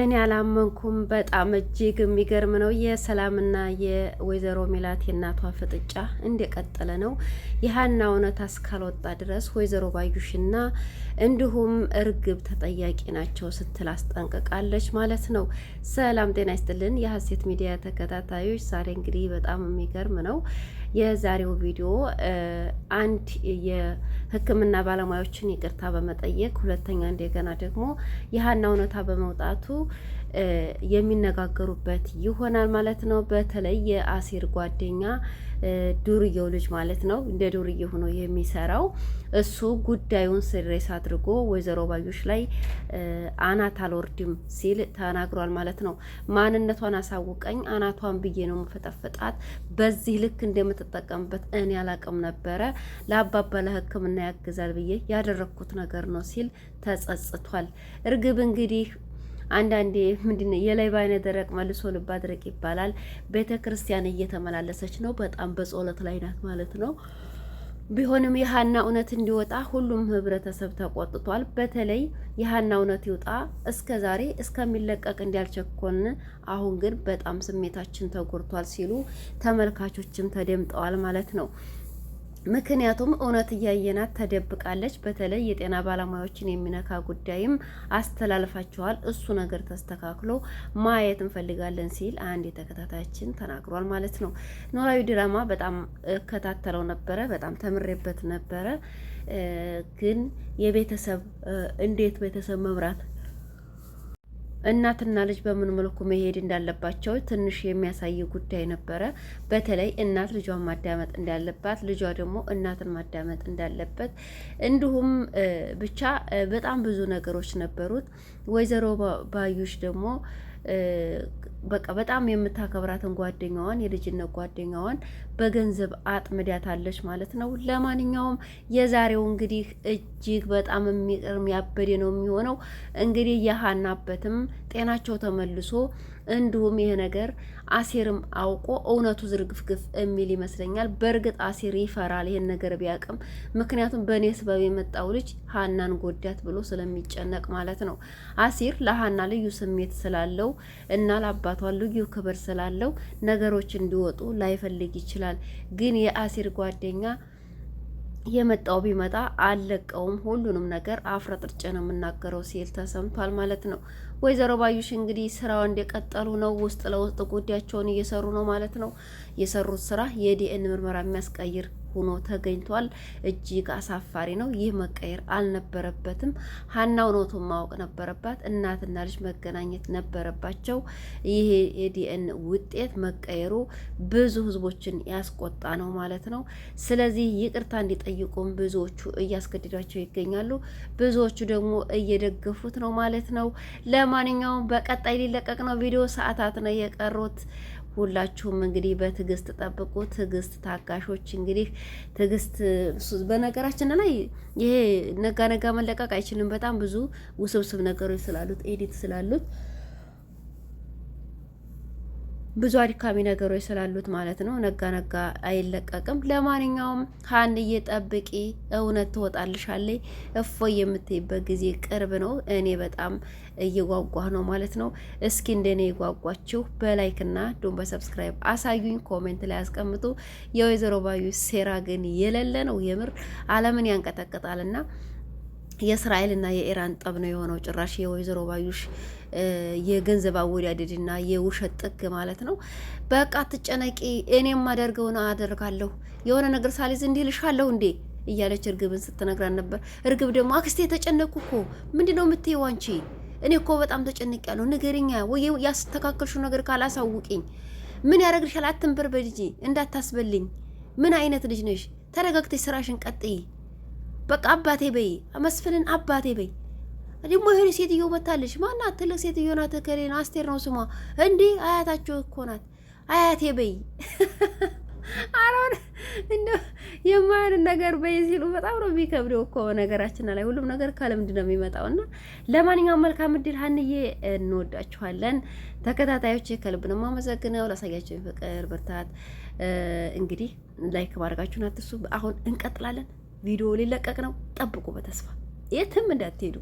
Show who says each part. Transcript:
Speaker 1: እኔ አላመንኩም። በጣም እጅግ የሚገርም ነው። የሰላምና የወይዘሮ ሜላት የእናቷ ፍጥጫ እንደቀጠለ ነው። የሀና እውነት እስካልወጣ ድረስ ወይዘሮ ባዩሽና እንዲሁም እርግብ ተጠያቂ ናቸው ስትል አስጠንቅቃለች ማለት ነው። ሰላም ጤና ይስጥልን የሀሴት ሚዲያ ተከታታዮች፣ ዛሬ እንግዲህ በጣም የሚገርም ነው የዛሬው ቪዲዮ አንድ የሕክምና ባለሙያዎችን ይቅርታ በመጠየቅ ሁለተኛ እንደገና ደግሞ የሀና እውነታ በመውጣቱ የሚነጋገሩበት ይሆናል ማለት ነው። በተለይ የአሴር ጓደኛ ዱርዬው ልጅ ማለት ነው እንደ ዱርዬ ሆኖ የሚሰራው እሱ ጉዳዩን ስሬስ አድርጎ ወይዘሮ ባዮች ላይ አናት አልወርድም ሲል ተናግሯል ማለት ነው። ማንነቷን አሳውቀኝ አናቷን ብዬ ነው መፈጠፈጣት። በዚህ ልክ እንደምትጠቀምበት እኔ አላቅም ነበረ። ለአባባ ለሕክምና ያግዛል ብዬ ያደረግኩት ነገር ነው ሲል ተጸጽቷል። እርግብ እንግዲህ አንዳንዴ ምንድነው የላይ ባይነ ደረቅ መልሶ ልባ ድረቅ ይባላል። ቤተ ክርስቲያን እየተመላለሰች ነው። በጣም በጸሎት ላይ ናት ማለት ነው። ቢሆንም የሀና እውነት እንዲወጣ ሁሉም ህብረተሰብ ተቆጥቷል። በተለይ የሀና እውነት ይውጣ። እስከ ዛሬ እስከሚለቀቅ እንዲያልቸኮን አሁን ግን በጣም ስሜታችን ተጎድቷል ሲሉ ተመልካቾችም ተደምጠዋል ማለት ነው። ምክንያቱም እውነት እያየናት ተደብቃለች። በተለይ የጤና ባለሙያዎችን የሚነካ ጉዳይም አስተላልፋችኋል። እሱ ነገር ተስተካክሎ ማየት እንፈልጋለን ሲል አንድ የተከታታያችን ተናግሯል ማለት ነው። ኖላዊ ድራማ በጣም እከታተለው ነበረ፣ በጣም ተምሬበት ነበረ። ግን የቤተሰብ እንዴት ቤተሰብ መምራት እናትና ልጅ በምን መልኩ መሄድ እንዳለባቸው ትንሽ የሚያሳይ ጉዳይ ነበረ። በተለይ እናት ልጇን ማዳመጥ እንዳለባት፣ ልጇ ደግሞ እናትን ማዳመጥ እንዳለበት እንዲሁም ብቻ በጣም ብዙ ነገሮች ነበሩት። ወይዘሮ ባዩሽ ደግሞ በቃ በጣም የምታከብራትን ጓደኛዋን የልጅነት ጓደኛዋን በገንዘብ አጥምዳታለች ማለት ነው። ለማንኛውም የዛሬው እንግዲህ እጅግ በጣም የሚቅርም ያበዴ ነው የሚሆነው እንግዲህ የሀናበትም ጤናቸው ተመልሶ እንዲሁም ይሄ ነገር አሴርም አውቆ እውነቱ ዝርግፍግፍ የሚል ይመስለኛል። በእርግጥ አሴር ይፈራል ይሄን ነገር ቢያቅም፣ ምክንያቱም በእኔ ስበብ የመጣው ልጅ ሀናን ጎዳት ብሎ ስለሚጨነቅ ማለት ነው። አሴር ለሀና ልዩ ስሜት ስላለው እና ለአባ አባቷን ልዩ ክብር ስላለው ነገሮች እንዲወጡ ላይፈልግ ይችላል። ግን የአሲር ጓደኛ የመጣው ቢመጣ አለቀውም ሁሉንም ነገር አፍረጥርጭ ነው የምናገረው ሲል ተሰምቷል ማለት ነው። ወይዘሮ ባዩሽ እንግዲህ ስራው እንደቀጠሉ ነው። ውስጥ ለውስጥ ጉዳያቸውን እየሰሩ ነው ማለት ነው። የሰሩት ስራ የዲኤን ምርመራ የሚያስቀይር ሆኖ ተገኝቷል። እጅግ አሳፋሪ ነው። ይህ መቀየር አልነበረበትም። ሀናው እውነቱን ማወቅ ነበረባት። እናትና ልጅ መገናኘት ነበረባቸው። ይሄ የዲኤን ውጤት መቀየሩ ብዙ ህዝቦችን ያስቆጣ ነው ማለት ነው። ስለዚህ ይቅርታ እንዲጠይቁም ብዙዎቹ እያስገድዷቸው ይገኛሉ። ብዙዎቹ ደግሞ እየደገፉት ነው ማለት ነው። ለማንኛውም በቀጣይ ሊለቀቅ ነው ቪዲዮ ሰዓታት ነው የቀሩት። ሁላችሁም እንግዲህ በትዕግስት ጠብቁ። ትዕግስት ታጋሾች፣ እንግዲህ ትዕግስት። በነገራችን ላይ ይሄ ነጋ ነጋ መለቀቅ አይችልም። በጣም ብዙ ውስብስብ ነገሮች ስላሉት ኤዲት ስላሉት ብዙ አድካሚ ነገሮች ስላሉት ማለት ነው። ነጋ ነጋ አይለቀቅም። ለማንኛውም ሀንዬ ጠብቂ፣ እውነት ትወጣልሻለች። እፎ የምትይበት ጊዜ ቅርብ ነው። እኔ በጣም እየጓጓህ ነው ማለት ነው። እስኪ እንደኔ የጓጓችሁ በላይክና እንዲሁም በሰብስክራይብ አሳዩኝ። ኮሜንት ላይ አስቀምጡ። የወይዘሮ ባዩ ሴራ ግን የሌለ ነው። የምር አለምን ያንቀጠቅጣልና የእስራኤልና የኢራን ጠብ ነው የሆነው። ጭራሽ የወይዘሮ ባዩሽ የገንዘብ አወዳደድና የውሸት ጥግ ማለት ነው። በቃ አትጨነቂ፣ እኔም አደርገውን አደርጋለሁ። የሆነ ነገር ሳሊዝ እንዲህ ልሻለሁ እንዴ እያለች እርግብን ስትነግራን ነበር። እርግብ ደግሞ አክስቴ ተጨነኩ እኮ ምንድን ነው የምትይው አንቺ? እኔ እኮ በጣም ተጨንቅ ያለሁ ንገርኛ፣ ወይ ያስተካከልሽው ነገር ካላሳውቅኝ ምን ያደረግልሻል? አትንበርበድ እንጂ እንዳታስበልኝ። ምን አይነት ልጅ ነሽ? ተረጋግተሽ ስራሽን ቀጥይ በቃ አባቴ በይ መስፍንን አባቴ በይ። ደግሞ ይሄ ሴትዮ መታለች። ማናት? ትልቅ ሴትዮ ናት። እከሌ አስቴር ነው ስሟ። እንዲህ አያታቸው እኮ ናት። አያቴ በይ አሮን እንደ የማያንን ነገር በይ ሲሉ በጣም ነው የሚከብደው እኮ ነገራችን ላይ ሁሉም ነገር ከልምድ ነው የሚመጣው። እና ለማንኛውም መልካም እድል ሀንዬ፣ እንወዳችኋለን ተከታታዮች። ከልብ ነው የማመሰግነው ላሳያቸው ፍቅር፣ ብርታት። እንግዲህ ላይክ ማድረጋችሁን አትርሱ። አሁን እንቀጥላለን። ቪዲዮ ሊለቀቅ ነው። ጠብቁ በተስፋ የትም እንዳትሄዱ።